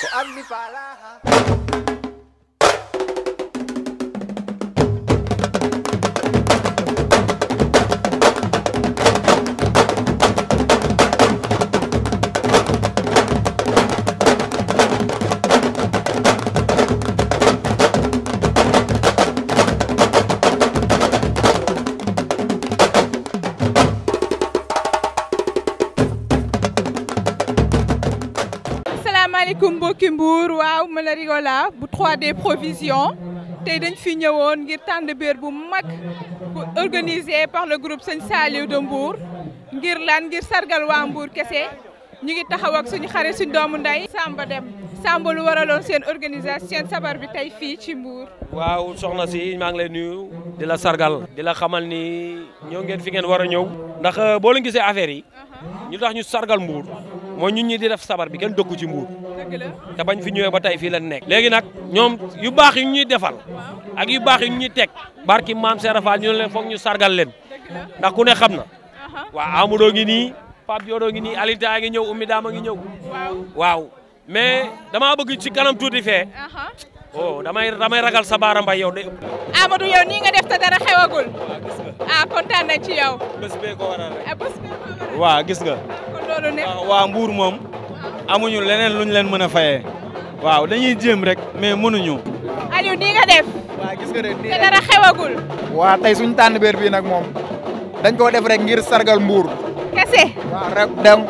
Kuan mi pala mbokki Mbour la rigola, bu 3 des provisions. Tay dañ fi ñëwoon ngir tànn beer bu mag organisé par le groupe Seigne Saliou de Mbour ngir lan ngir sargal wa Mbour kessé ñu ngi taxaw ak suñu xarit suñu doomu nday Samba Dem Samba lu waraloon seen organisation seen sabar bi tay fi ci Mbour. waaw soxna si ma ngi lay nuyu di la sargal. di la xamal ni ñoo ngeen fi ngeen wara ñëw. ndax euh, boo leen gisee affaire yi. Uh-huh. ñu tax ñu sargal Mbour. mooy ñu ñi di def sabar bi kenn dëkku ci mbuur te bañ fi ñëwee ba tey fii lañ nekk léegi nag ñoom yu baax yu ñuy defal ak yu baax yu ñuy teg barki maam Serap Fall ñu leen foog ñu sargal leen ndax ku ne xam na waaw Amadou ngi nii Pape Yoro ngi nii Alita ngi ñëw Oumy Dama ngi ñëw waaw mais damaa bëgg ci kanam tuuti fee oh damay ragal sa baara mbay yow de. Amadou yow nii nga def te dara xewagul ah kontaan nañ ci yow. bés eh, gis nga. waaw waa Mbour mom amuñu leneen luñ leen mën a fayee waaw dañuy jéem rek mais mënuñu. Aliou nii nga def. wa gis nga rek te dara xewagul. waa tey suñu tànn beer bii nag moom dañ koo def rek ngir sargal Mbour. kese. waaw rek dem.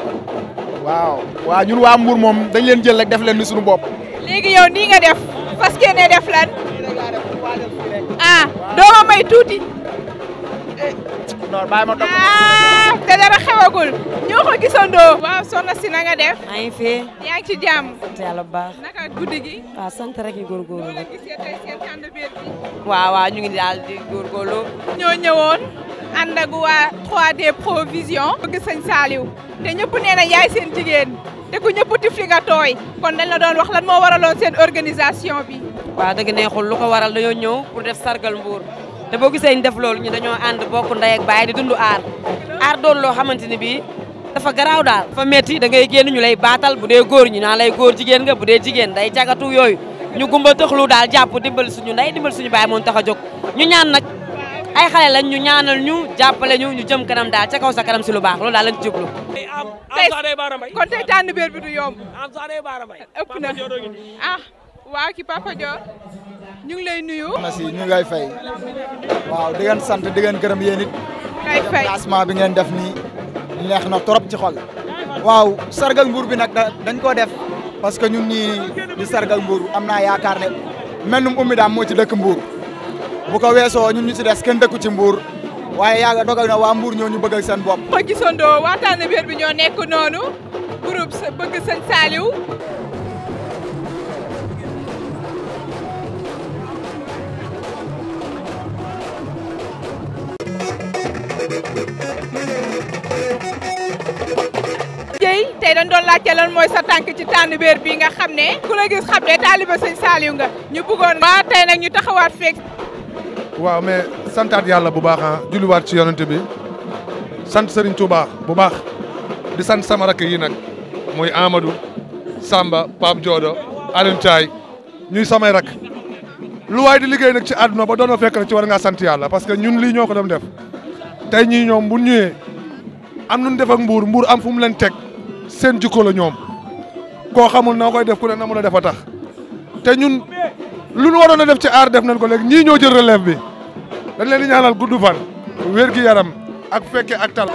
waaw wa ñun waa Mbour moom dañ leen jël rek def leen suñu yow nga def def lan. ah doo ma may non bàyyi ma topp ñoo ko gisandoo. waaw soxna si na nga def. maa ngi fi. yaa ngi ci jàmm. sant yàlla baax. naka guddi gi. waaw sant rek ñu góor góor waaw waaw ñu ngi daal di góorgóorlu. ñoo ñëwoon ànd ak waa 3D Provision. bëgg sëñ Saaliw te ñëpp nee yaay seen jigéen te ku ñëpp tifli nga tooy kon dañ la doon wax lan moo waraloon seen organisation bi. waaw dëgg neexul lu ko waral dañoo ñëw pour def sargal Mbour. te boo gisee ñu def loolu ñu dañoo and bokku nday ak baye di dundu ar ar doon lo xamanteni bi dafa graw dal fa metti da ngay genn ñu lay batal bu dee góor ñu na lay góor jigen nga bu dee jigéen day jagatu yoy ñu gumba taxlu dal japp dimbal suñu nday dimbal suñu baye moom tax jog ñu ñaan nak ay xalé lañ ñu ñaanal ñu jappalé ñu ñu jëm kanam dal ci kaw sa kanam ci lu baax loolu dal lañ jublu kon tey tan biir bi du yomb ëpp na ah wa ki Papa Dior ñu ngi lay nuyu. merci ñu ngay fay. waaw di ngeen sant di ngeen gërëm yéen it. ngay fay placement bi ngeen def nii neex na trop ci xol. waaw sargal Mbour bi nag dañ koo def parce que ñun ñii di sargal Mbour am naa yaakaar ne mennum ummi daam moo ci dëkk Mbour. bu ko weesoo ñun ñu ci des kenn dëkku ci Mbour. waaye yaaga dogal na waa Mbour ñoo ñu bëggal seen bopp. ko gisandoo waxtaan bi ñoo nekk noonu groupe bëgg sëñ Saliou. tey dañ doon laajte lan mooy sa tànk ci tànn béer bii nga xam ne ku la gis xam ne taaliba sëñ Saliou nga ñu bëggoon ba tey nag ñu taxawaat feek waaw mais santaat yàlla bu baax ah julliwaat ci yonent bi sant Serigne Touba bu baax di sant sama rakk yi nag muy Amadou Samba Pape Jodo, Alioune Thiaye ñuy samay rakk lu waay di liggéey nag ci àdduna ba doon fekk rek ci war ngaa sant yàlla parce que ñun lii ñoo ko def tey ñii ñoom bu ñëwee am nu defak mbuur mbuur am fu mu leen teg seen jikko la ñoom koo xamul noo koy def ku ne na mu la def a tax te ñun lu ñu waroon a def ci aar def nañ ko léegi ñii ñoo jël relève bi dañ leen di ñaanal gudd fan wér gi yaram ak fekke ak tal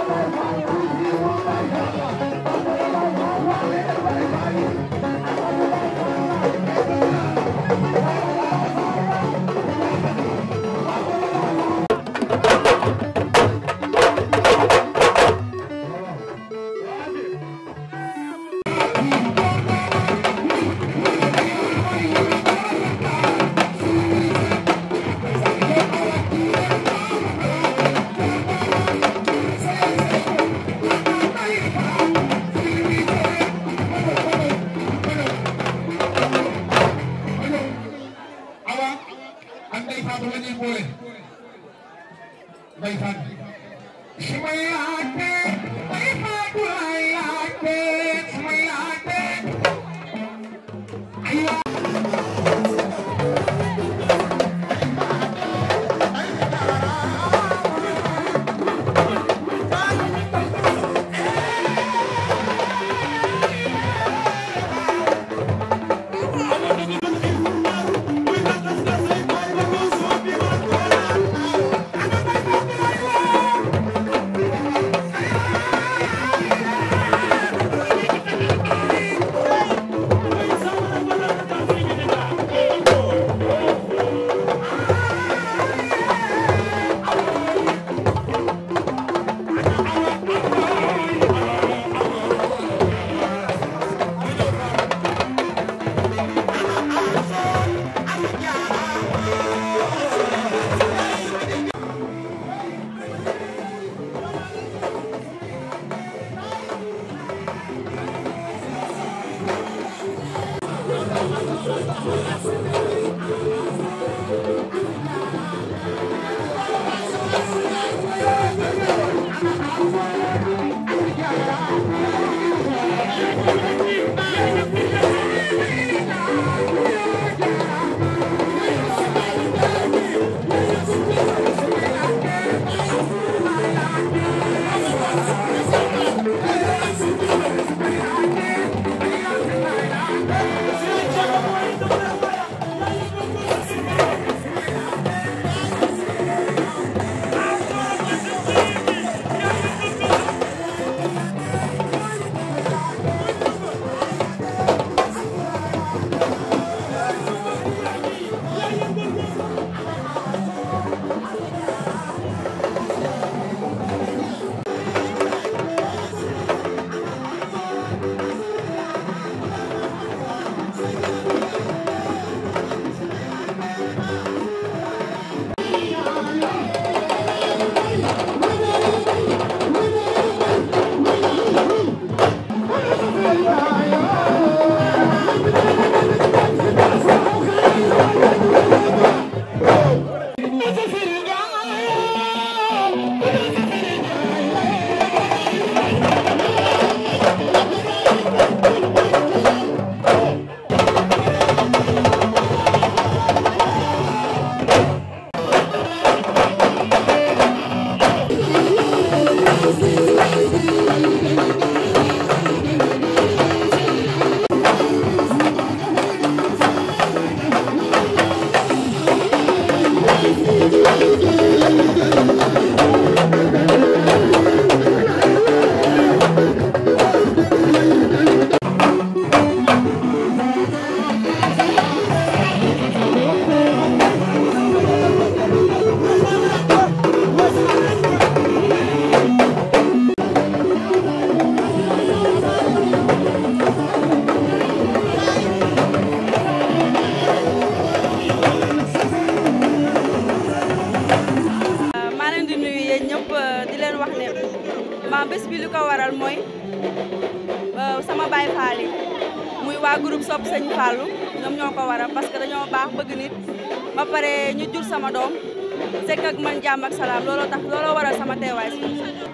ak salaam looloo tax looloo waral sama teewaay si.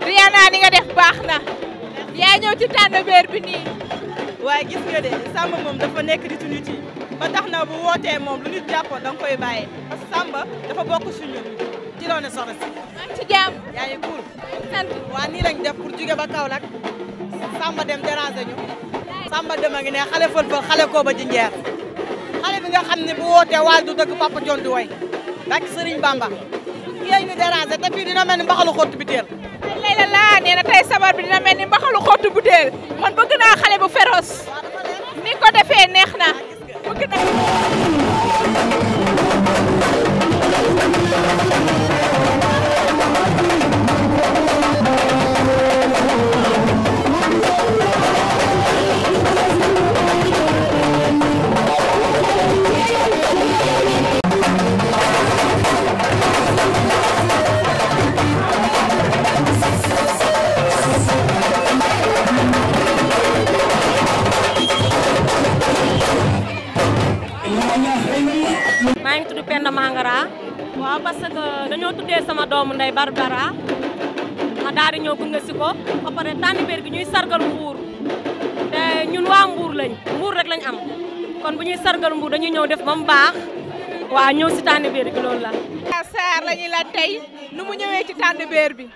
Rihanna ni nga def baax na. yaa ñëw ci tànn beer bi nga de Samba moom dafa nekk di tuñu da nga ne soxna si. maa ngi ba Kaolack Samba dem déranger Samba dem a ngi ne xale fël-fël xale koo ba jinjeer xale bi nga xam ne bu wootee waal du dëgg papa John di way bakki Serigne Bamba. terrasse te fii dina mel ni mbaxalu xottu biteel ñew def bam baax wa ñew ci tande beer gi lool la. saar lañu la tay nu mu ñewé ci tande beer bi.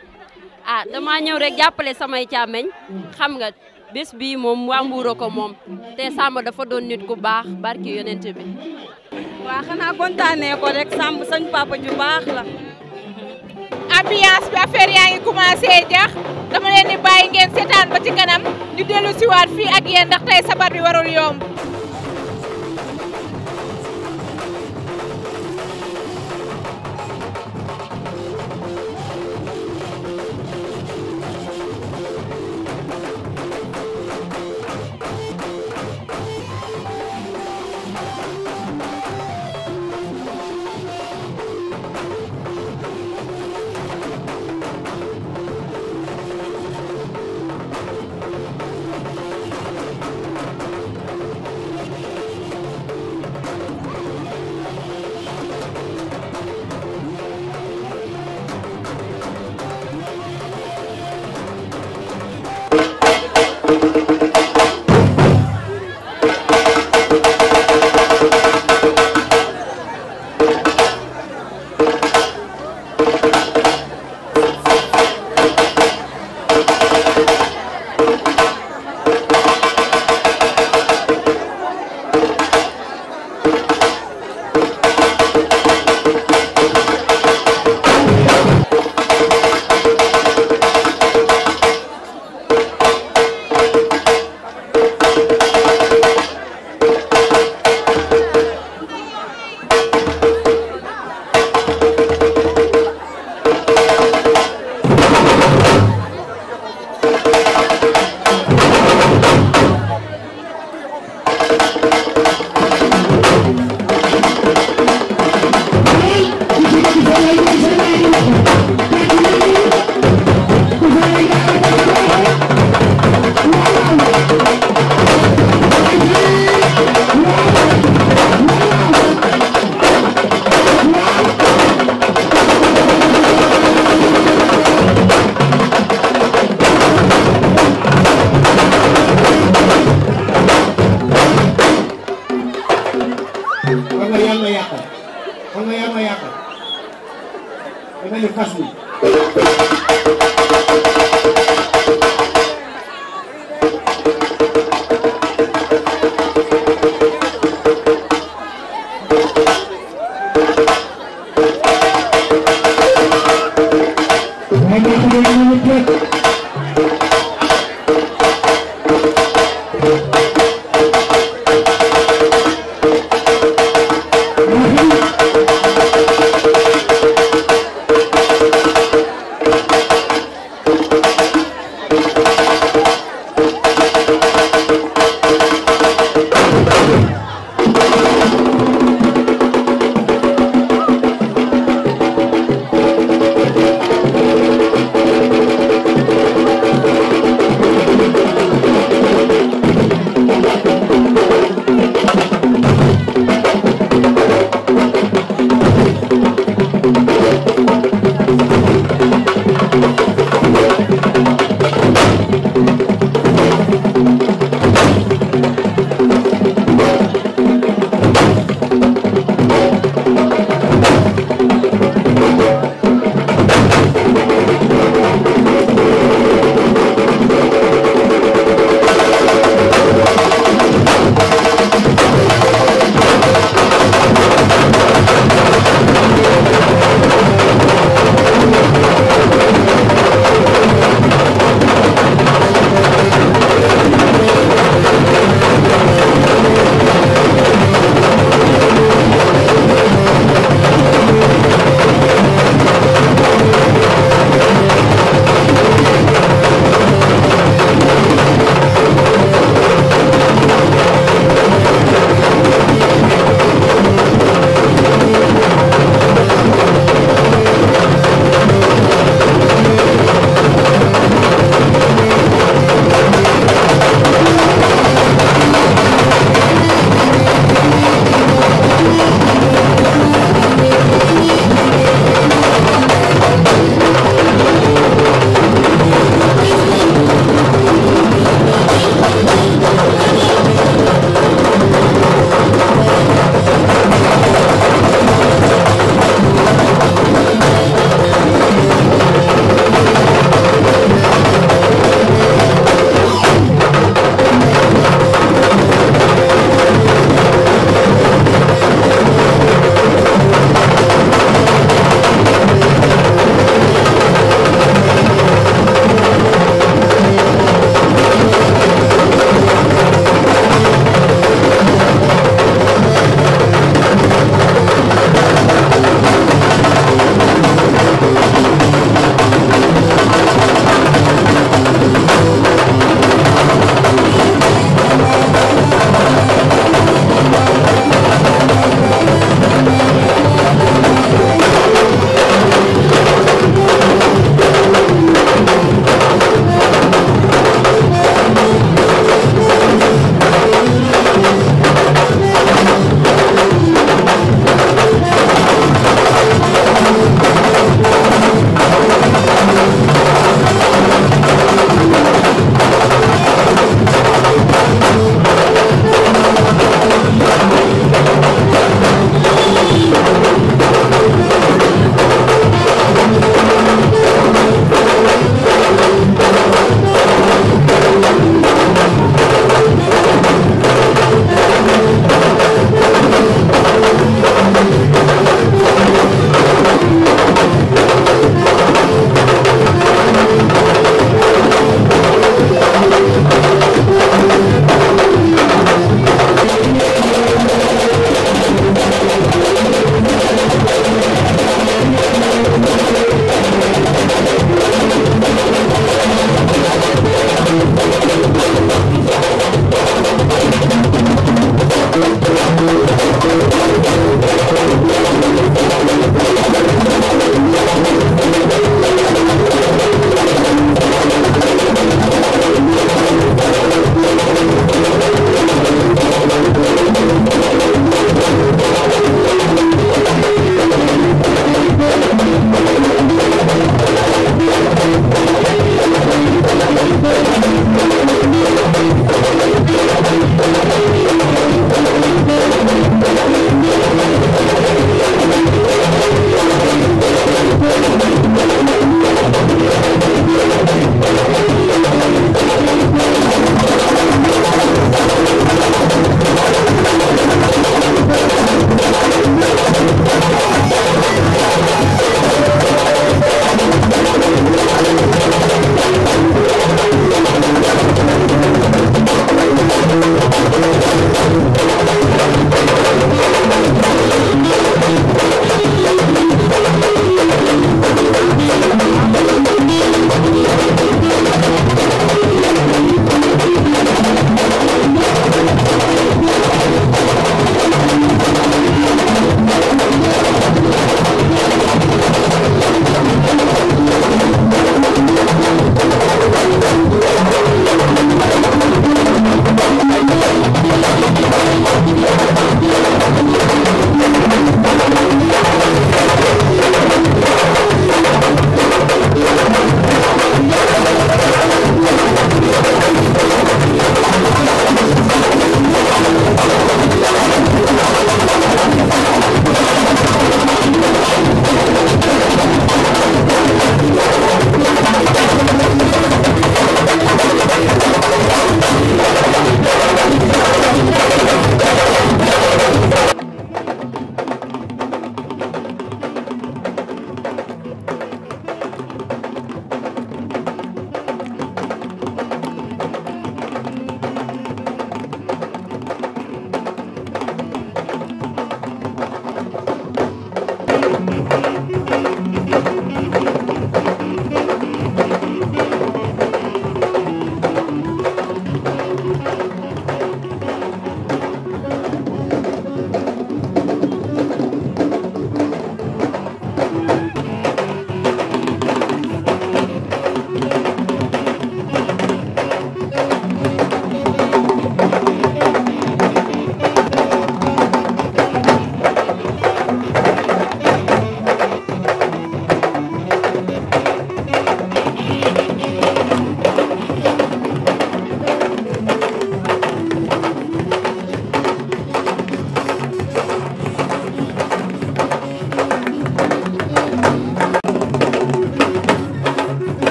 ah dama ñew rek jappalé samay chamagne xam nga bes bi mom waa Mbuur ko mom té Samba dafa doon nit ku baax barki yonent bi. wa xana contané ko rek Samba sañ papa ju baax la. ambiance bi affaire yaangi commencé jax dama leen ni baye ngeen sétane ba ci kanam ñu ci waat fi ak yeen ndax tay sabar bi warul yomb.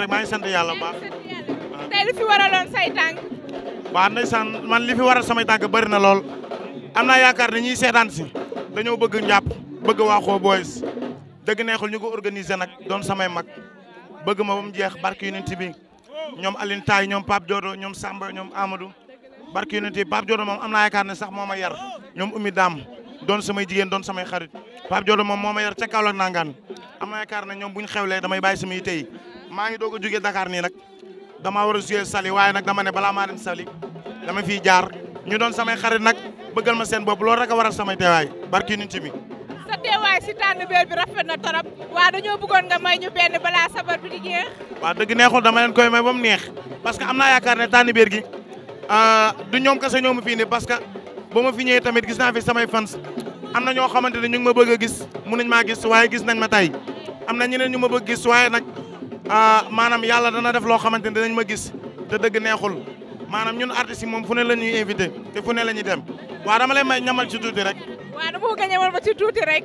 rek maa ngi sant yàlla bu baax. tey li fi waraloon say tànk. waaw man li war waral samay tànk bëri na lool am na yaakaar ne ñiy seetaan si dañoo bëgg njàpp bëgg waaxoo boys dëgg neexul ñu ko organiser nag doon samay mag bëgg ma ba mu jeex barke unité bi ñoom Alioune Taye ñoom Pape Diodo ñoom Samba ñoom Amadou barke unité Pape Diodo moom am naa yaakaar ne sax moo ma yar ñoom Oumy Dame doon samay jigéen doon samay xarit Pape Diodo moom moo ma yar maa ngi doog a jógee dakaar nii nag dama war a suyee Saly waaye nag dama ne balaa maa dem Saly dama fiy jaar ñu doon samay xarit nag bëggal ma seen bopp loolu rek a waral samay teewaay barki nit mi. sa teewaay si tànn bi rafet na torop waa dañoo bëggoon nga may ñu benn balaa sabar bi di jeex. waaw dëgg neexul dama leen koy may ba mu neex parce que am naa yaakaar ne tànn beer gi euh, du ñoom kese ñoo ma fii ne parce que ba ma fi ñëwee tamit gis naa fi samay fans am na ñoo xamante ne ñu ngi ma bëgg a gis mun nañ maa waaye gis nañ ma tey am na ñeneen ñu ma bëgg gis waaye nag Ah, maanaam yàlla dana def loo xamante ne dinañ ma gis te dëgg neexul maanaam ñun artistes moom fu ne la ñuy invité te fu ne lañuy dem waa dama lay may ñamal ci tuuti rek. waaw dama bëgg a ñamal ma ci tuuti rek.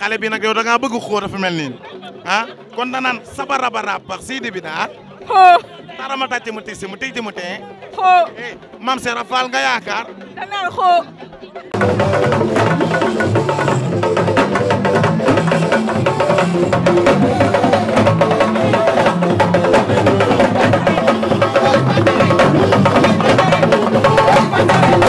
xale bi nag yow da ngaa bëgg xóot dafa mel nii ah, kon danaan sabarabaraab bax siidi bi daal. xoo. tarama tàcc mu tissi mu tijji mu tee. xoo. Eh, maam Serap nga yaakaar. danaan xoo. Thank you.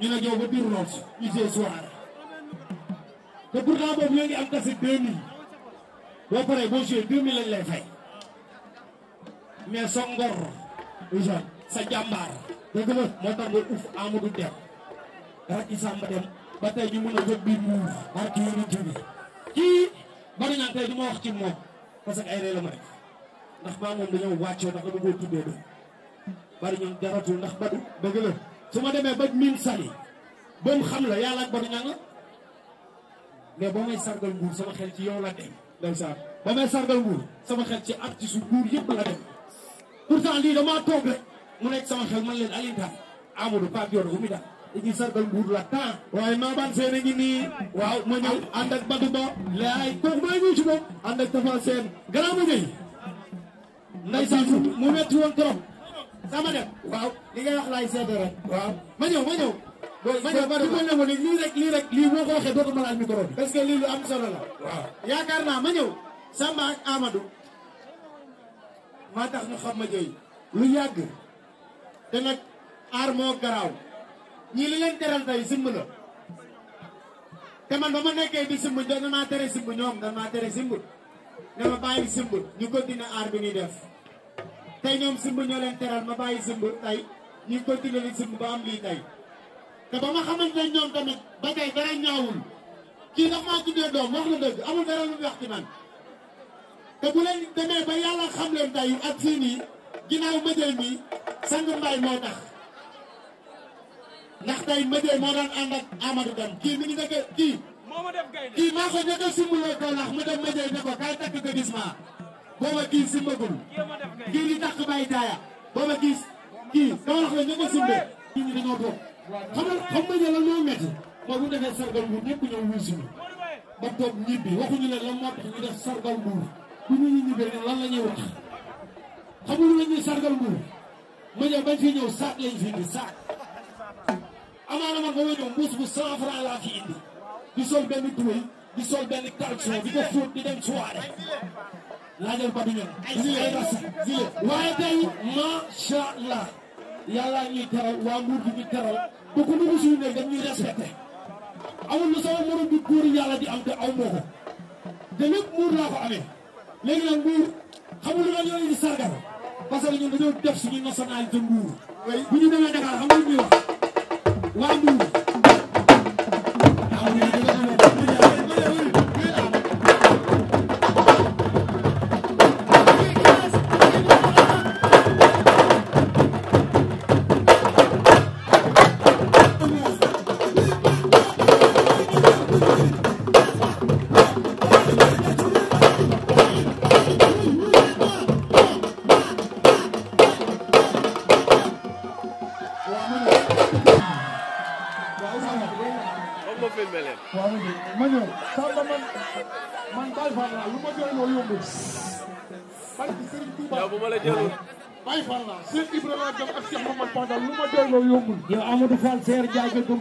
ñu ne yow ba biir roche UG soir te pourtant boobu ñoo ngi am tase 2000 boo paree boo joué 2000 lañ lay fay mais sa ngor sa jàmbaar dëgg la moo tax nga uf Amadou Dem rak i Samba Dem ba tey ñu mën a jot biir muur barki yonent bi kii bari naa tey du ma wax ci moom parce que ay ree la ndax maa moom dañoo wàccoo ndax dama tuddee doon bari ñoom jaratul ndax badu dëgg la suma demé ba min sali bam xam la yalla ak ba nga la mais ba may sargal nguur sama xel ci yow la dem dem sa ba may sargal nguur sama xel ci artiste su nguur yépp la dem pourtant li dama toog rek mu nek sama xel man leen alintaan amadou pa yor umi daal dañuy sargal nguur la ta way ma ban seen a ngi nii waaw ma ñëw ànd ak badu ba lay ko ma ñu ci moom and ak tafa sen gannaaw ma ñëw ndeysaan mu metti won trop sama dem waaw li ngay wax laay seede rek waaw ma ñëw ma ñëw. ma ñëw ma ñëw ma lii rek lii rek lii boo ko waxee parce que lii lu am solo la. waaw yaakaar naa ma ñëw. Samba ak Amadou maa tax ñu xam ma jooy lu yàgg te nag aar moo garaaw ñii li leen teral tey simb la te man ba ma nekkee di simb dañ maa tere simb ñoom dañ maa tere simb dama bàyyi simb ñu continuer aar bi ñuy def. tay ñom sumb ñoo leen teral ma bàyyi sumb tey ñu continuer li sumb ba am lii tay te ba ma xamante ne ñoom tamit ba tey dara ñaawul kii ndax maa tuddee doom wax na dëgg amul dara lu wax ci man te bu leen demee ba yàlla xam leen tey ak fii nii ginnaaw mëjee mi sang mbay moo tax ndax tey mëjee moo daan ànd ak Amadou Deme kii mi ngi nekk kii kii maa ko njëkk a sumb loo ko ndax mu dem mëjee ne ko kaay takk ko gis maa booba kii simbagul kii di takk bay daaya booba kii kii dama wax la ñu ko simbee nit ñi dañoo bokk xam nga xam nga lan moo métti mooy bu defee sargal nguur ñëpp ñëw wuusi ñu ba toog ñibbi waxuñu leen lan moo tax def sargal nguur bu ñu ñibbee ne lan la wax xamul lañuy sargal nguur ma ñëw bañ fi ñëw saak lañ fi indi saak amaana man ba mbuus bu cent franc laa fi indi di sol benn tuwéy di sol benn calçon di ko fóot di dem soirée laajal pavillon zile zile waaye tey macha allah yàlla ñuy teral waa nguur gi ñuy teral bu ko dugg suñu nekk dañuy respecté amul lu sama morom bi góor yàlla di am te aw moo ko te lépp nguur laa ko amee léegi nag nguur xamul lu ma ñëwee di sargal parce que ñun dañoo def suñu nationalité nguur bu ñu demee Dakar xam nga wax waa nguur. Abdou Fall seer jaay ko dum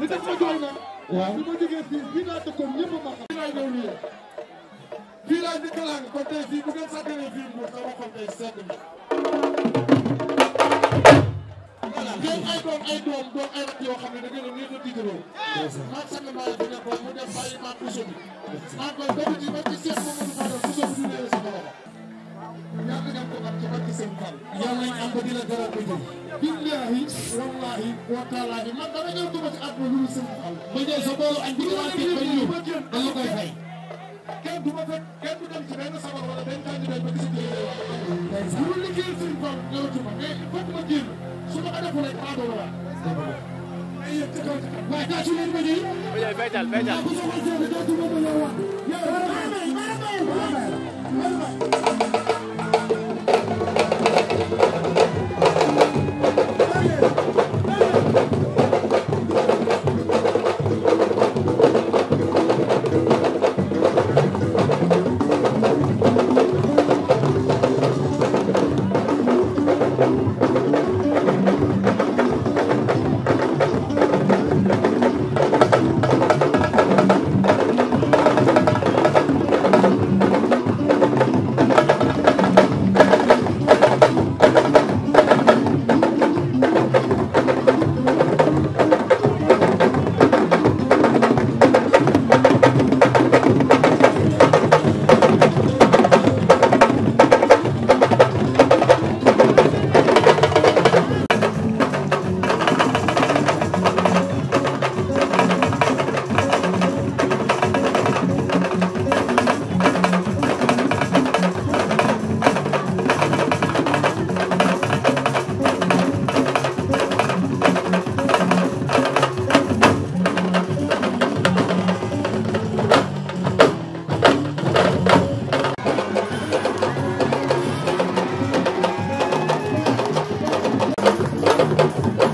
li tax ma jooy na waaw bi ma jógee fii fii laa dëkkoon ñëpp a ma xam fii laa ñëw nii fii laa njëkk laa nga kon tey fii bu ngeen sàgganee fii mu sama xol tey sedd na voilà ngeen ay doom ay doom doom ay rak yoo xam ne da ngeen nii la tiitaroo maa sàgg maa fi nekkoon mu def bàyyi maa puso bi maa koy dëgg di ma ci seet ma mënu barke sëñ Fall yow lañ am ba di la gërëm ba jëm billahi wallahi wa taalahi man dama ñëw duma ci àdduna lu sëñ Fall ma jël sa boolu añ bi wàccee ba ñëw da la koy fay kenn du ma fekk kenn du dem ci benn sabar wala benn tànn day ba gisati lay wax bu dul liggéey sëñ Fall ñëwatu ma mais il faut que ma génn su ma ko deful rek maa doon waa waaye tàccu leen ma nii baytal baytal Thank you.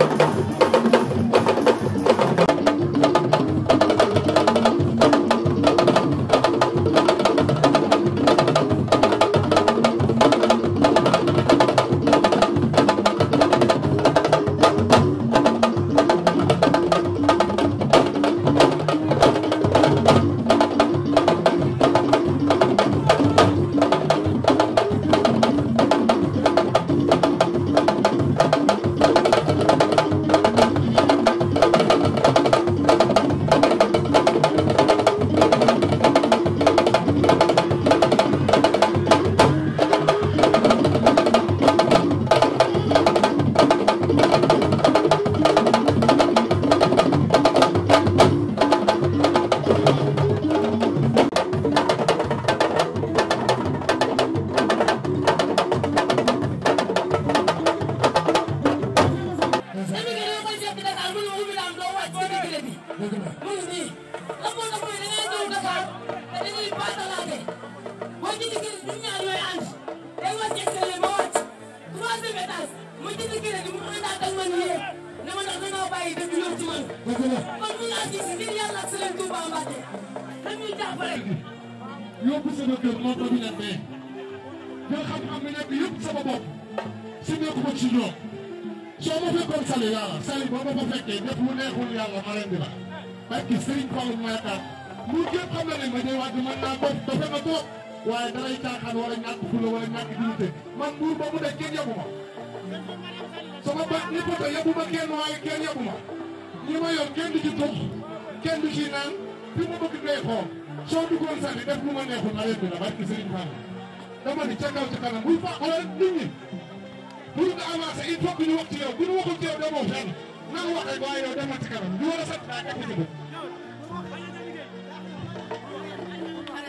ngir yàlla Sëriñ Touba Mbacke dañuy jàppale yóbbu sama kër moo ko ñu amee nga xam-xam bi nekk yëpp sama bopp si nekk ko ci ñoom soo ma fekkoon Sali yàlla Sali boo ma fekkee def lu neexul yàlla ma leen di la parce que Serigne Fallou ma yaakaar mu gépp xam na ne ma day wàcc mën naa bopp dafa nga toog waaye dalay caaxaan wala ñàkk fula wala ñàkk dignité man buur ba mu def kenn yabu sama baat ni ko te kenn waaye kenn yabu ñi ma yor kenn di ci toog kenn du ma neexul nawet a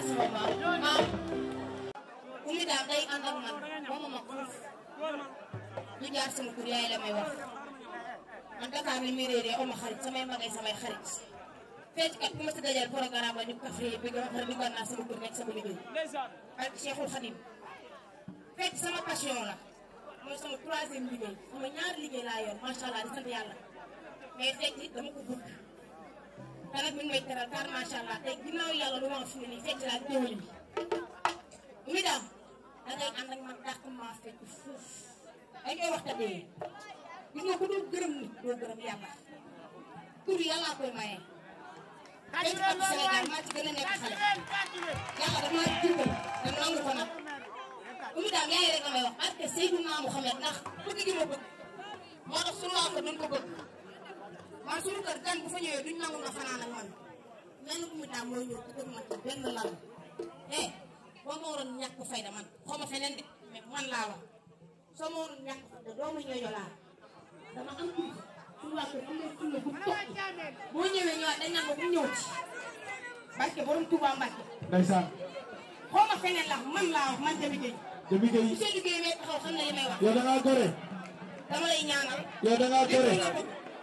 sant daa day ànd ak man ma fuuf lu jaar sama tur yaay la may wax man Dakar li muy réeree oma xarit samay magay samay xarit fecckat bu ma si dajal programme ñu Kaffrine bi nga wax sama tur nekk sama liggéey. barke Cheikhul Khadim fecc sama passion la mooy sama troisième liggéey sama ñaari liggéey laa yor macha allah di sant yàlla mais fecc dama ko bëgg. te nag mi may teral allah te ginnaaw yàlla ma wax maa fecc fuuf dañ koy waxtaanee gis nga ku dul gërëm nit doo gërëm yàlla tur yàllaa koy maye. tey man Sénégal maa ci a nekk xale ma bëgg moo man suñu bu fa ñëwee na fanaan ak man mel na mooy ñëw ku bëgg laa wax soo ma waroon ñàkk fayda laa dama am tuuti suñu waa boo ñëwee ñëwaat dañ naan ko bu ñëw ci barke borom Touba Mbacke. ndeysaan. xaw ma feneen la man laa wax man Dami Gueye. Dami Gueye monsieur Dami taxaw xam may wax. yow da ngaa gore. dama lay ñaanal. yow da gore.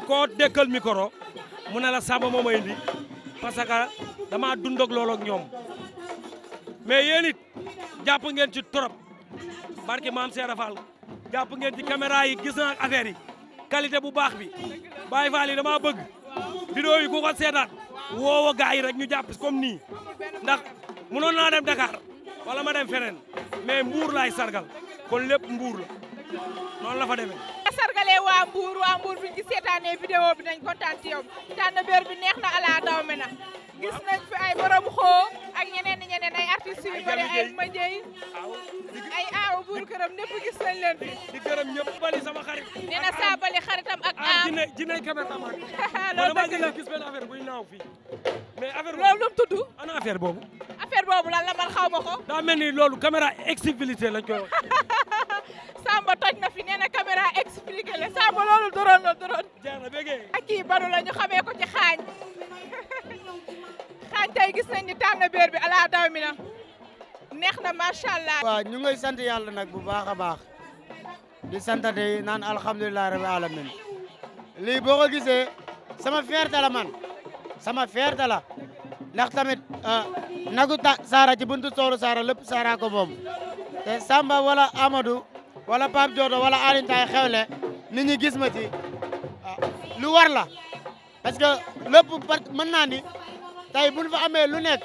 te koo dékkal micro mu ne la Samba moo indi parce que dama dund ak loolu ak ñoom mais yéen it ngeen ci trop barki maam Seera Fall jàpp ngeen ci caméra yi gis naa affaire yi qualité bu baax bi Baye Fall dama bëgg vidéo yi ku ko seetaat woowa gars rek ñu jàpp comme nii ndax mënoon naa dem Dakar wala ma dem feneen mais mbuur laay sargal kon lépp mbuur la noonu la fa demee nga sargalee waa Mbour waa Mbour bi ngi seetaanee vidéo bi dañ kontaan ci yow tànn bi neex na ala daw gis nañ fi ay borom xoo ak ñeneen ñeneen ay artistes yu bëri ay ay aaw buur këram ñëpp gis nañ leen bali sama xarit nee saa bali xaritam ak ah, aaw loolu dama gën a gis benn affaire buy naaw fii mais affaire loolu lu mu la man xaw ma ko daa mel ni loolu caméra exhibilité lañ toj na fi nee na caméra expliqué leen saa ba loolu doroon la doroon. ak kii baru ko ci xaañ. xaañ tey gis nañ ni tànn beer bi ala daw mi na neex na macha allah. waaw ñu sant yàlla nag bu baax a baax di santate naan alhamdulilah rabbi alamin lii boo ko gisee sama fierté la man sama fierté ndax tamit ah, nagu ta saara ci buntu toolu saara lépp saara ko moom te Samba wala Amadou. wala Pape Dioto wala Alioune Taye xewle nit ñi gis ma ci ah, lu war la parce que lépp mën naa ni tey buñ fa amee lu nekk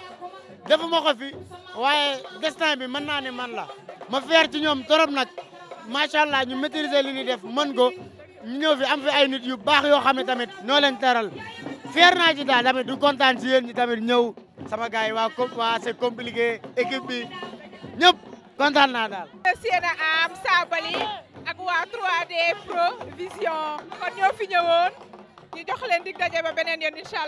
defu ma ko fi waaye destin bi mën naa ni man la ma feer ci ñoom torop nag macha allah ñu maîtriser li ñuy def mën go ñu ñëw fi am fi ay nit yu baax yoo xam ne tamit ñoo leen teral feer naa ci daal tamit du kontaan si yéen ñi tamit ñëw sama gars yi waa waa c'est compliqué équipe bi ñëpp kontaan naa daal. Siena Am Sabali ak waa 3D Pro kon ñoo fi ñëwoon ñu jox leen dig daje ba beneen yoon incha